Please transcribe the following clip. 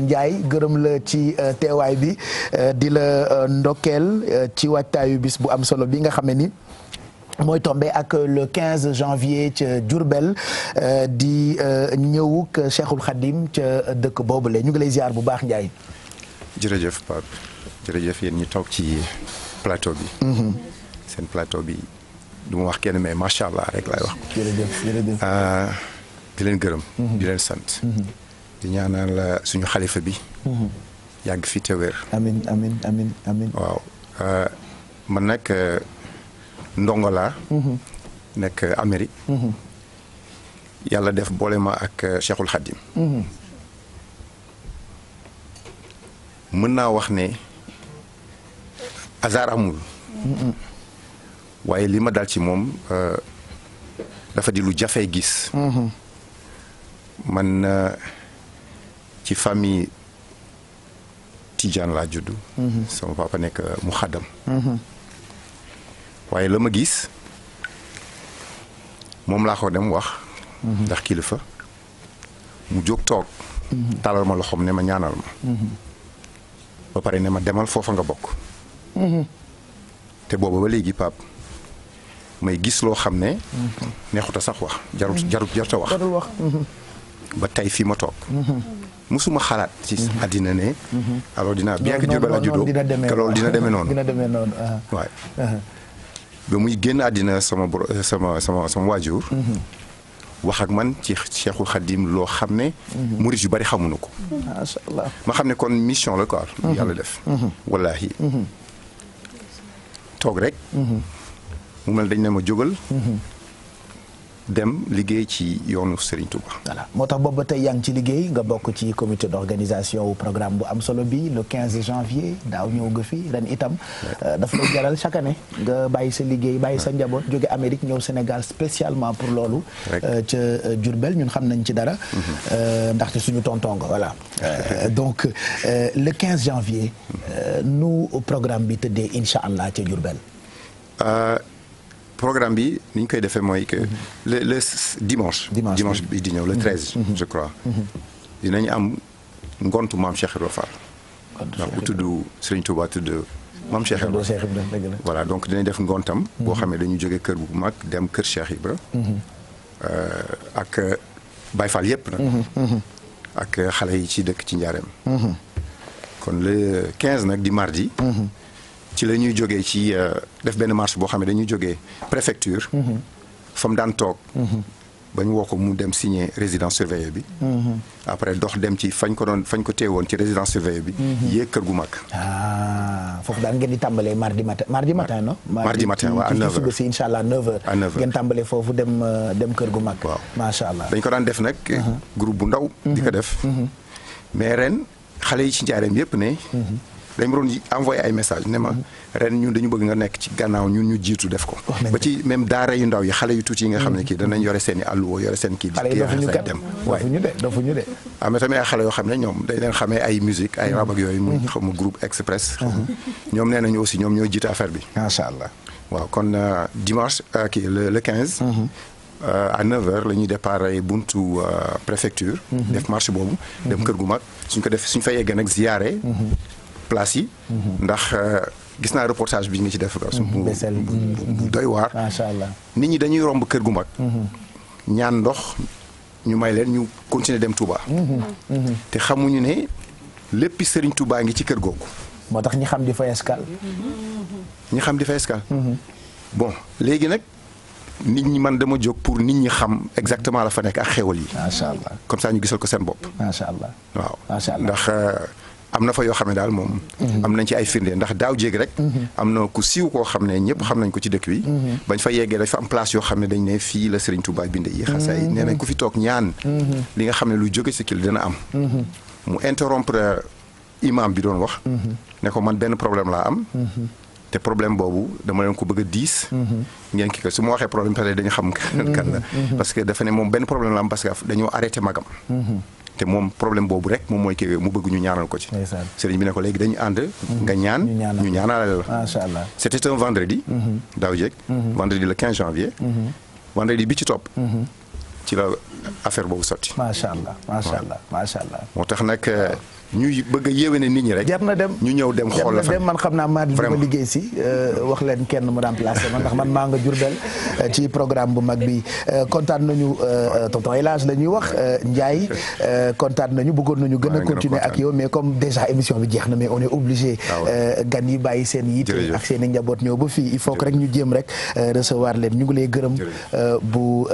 njaay gërëm la ci euh, teewaay bi euh, di la euh, ndokkeel ci waajtaayu bis bu am solo bi nga xam ne ni mooy tombé ak le 15 janvier ca Diourbel di ñëwuk Cheikhul Khadim ca dëkk boobule ñu ngi lay ziar bu baax Ndiaye. jërëjëf Pape jërëjëf yéen ñu toog ci plateau bi. Mm-hmm. seen plateau bi du wax kenn mais macha allah rek laay wax. Ah, di leen gërëm. Mm-hmm. di leen sant. Mm-hmm. di ñaanal euh, suñu xalifa bi. Mhm. yàgg fi te wér. amiin nag euh, euh, ndongo laa. Mhm. nekk Amérique. Mhm. yàlla def boole ma ak Cheikhul Khadim. mën naa wax ne hasard waaye li ma dal ci moom dafa di lu jafee gis. man. ci famille Tijaan laa judd. Mhm. sama papa nekk mu xaddam. Mhm. waaye la ma gis moom laa ko dem wax. Mhm. ndax kilifa mu jóg toog. talal ma loxoom ne ma ñaanal ma. ba pare ne ma demal foofa nga bokk. te booba ba léegi pap may gis loo xam ne. neexut sax wax jarut jarut jarut a wax. ba tey fii ma toog. musuma xalaat ci mhm. àddina ne mhm. alors bi bien que Diourbel la juddoo que dina demee noonu dina demee noonu waay ah. ah. ba muy génn àddina sama euh, sama sama sama waajur mhm. wax ak man ci Cheikhul Khadim loo xam ne murit yu bari xamuñu ko macha ma xam ne kon mission la quoi yàlla def wallahi toog rek mu mel dañ ne ma jógal dem liggéey ci yoonu Serigne Touba. moo tax boobu ba tey yaa ngi ci liggéey nga bokk ci comité d'organisation wu programme bu am solo bi le 15 janvier daaw ñëw nga fi ren itam euh, dafa lay jaral chaque année nga bàyyi sa liggéey bàyyi sa njaboot jóge Amérique ñëw Sénégal spécialement pour loolu. Euh, ca euh, Diourbel ñun xam nañ ci dara. Mhm. ndaxte suñu tonton nga voilà. donc le 15 janvier. nu programme bi tëddee incha allah ca Diourbel. programme bi ni ñu koy defee mooy que mhm. le le dimanche. dimanche bi di ñëw le mhm. treize. Mhm. je crois. dinañu am ngontu maam Cheikh Ibra Fall. ndax bu tudd Serigne Touba tudd. maam Cheikh Ibra voilà donc dinañ def ngontam. boo xamee dañu jógee kër bu mag dem kër Cheikh Ibra. Euh, ak Baye Fall yëpp nag. ak xale yi ci dëkk ci njaareem. kon le nag di mardi. ci la ñuy jógee ci euh, def benn marche boo xam ne dañuy jógee préfecture. Mhm. fa mu daan toog. Mhm. bañ woo ko mu dem signer résidence surveillée bi. Mhm. après dox dem ci fañ ko doon fañ ko teewoon ci résidence surveillée bi. yéeg kër gu mag. ah foofu daal ngeen di tàmbalee mardi matin mardi matin non. mardi matin waaw à 9h ci incha allah 9h. ngeen tàmbalee foofu dem euh, dem kër gu mag. waaw macha allah dañ ko daan def nag. groupe bu ndaw. di ko def. mais ren xale yi ci njaareem yëpp ne. dañ ma doon envoyé ay message ne ma mhm. ren ñun dañu bëgg nga nekk ci gannaaw ñun ñu jiitu def ko oh, ba ci même daara yu ndaw yi xale yu tuuti yi nga xam ne mhm. kii danañ yore seen i àlluwo yore seen kii di dem waaye ah xale yoo xam ne ñoom dañ leen xamee ay musique ay mhm. rab ak yooyu mu xamu groupe express ñoom nee nañu aussi ñoom ñooy jiite affaire bi macha allah waaw kon euh, dimanche euh, kii le quinze Euh, à 9h la ñuy départ buntu euh, préfecture. def marche boobu. dem kër gu mag suñ ko def suñ fa yeggee nag ziyaare. place yi. Mhm. ndax euh, gis naa reportage bi ñu ci def. Mhm. bu doy waar. macha allah nit ñi dañuy romb kër gu mag. Mhm. ñaan ndox ñu may leen ñu continuer dem Touba. te xamuñu ne léppi sëriñ Touba ngi ci kër googu. moo tax ñi xam di fa escale. ñi xam di fa escale. bon léegi nag. nit ñi man dama jóg pour nit ñi xam exactement la fa nekk ak xéwal yi. macha allah comme ça ñu gisal ko seen bopp. waaw ndax. Euh, am na fa yoo xam ne daal moom. Mhm. am nañ ci ay firnde ndax daaw jeeg rek. Mhm. am na ku siiw koo xam ne ñëpp xam nañ ko ci dëkk bi. Mhm. bañ fa yeggee dañ fa place yoo xam ne dañ ne fii la Serigne Touba binde yi xasaay nee nañ ku fi toog ñaan. li nga xam ne lu jóge si kii dina am. mu interrompre imam bi doon wax. ne ko man benn problème laa am. te problème boobu dama leen ko bëgg diis. ngeen kii ko su dañu xam. kan la parce que dafa ne moom benn problème la am magam. te moom problème boobu rek moom mooy kii mu bëgg ñu ñaanal ko ci sëriñ bi ne ko léegi dañu ànd mhm. nga ñaan ñu ñaanalale la macha allah c'était un vendredi mhm. daaw jeeg mhm. vendredi le janvier vendredi bi ci topp ci la affaire boobu sotti macha allah macha allah macha allah moo tax nag euh, ñuy bëgg a yéwéne nit ñi rek. jar na dem ñu ñëw dem xool la fa man xam naa maa di ma liggéey si. Euh, wax leen kenn mu remplacé man ndax man maa nga jur Jurbel euh, ci programme bu mag bi euh, kontaan nañu tonton El Hadj la ñuy wax Ndiaye kontaan nañu bëggoon nañu gën continuer ak yow mais comme déjà émission bi jeex na mais on est obligé. Ah gan yi bàyyi seen yitte ak seen i njaboot ñëw ba fii il faut que rek ñu jéem rek recevoir leen ñu ngi lay gërëm bu.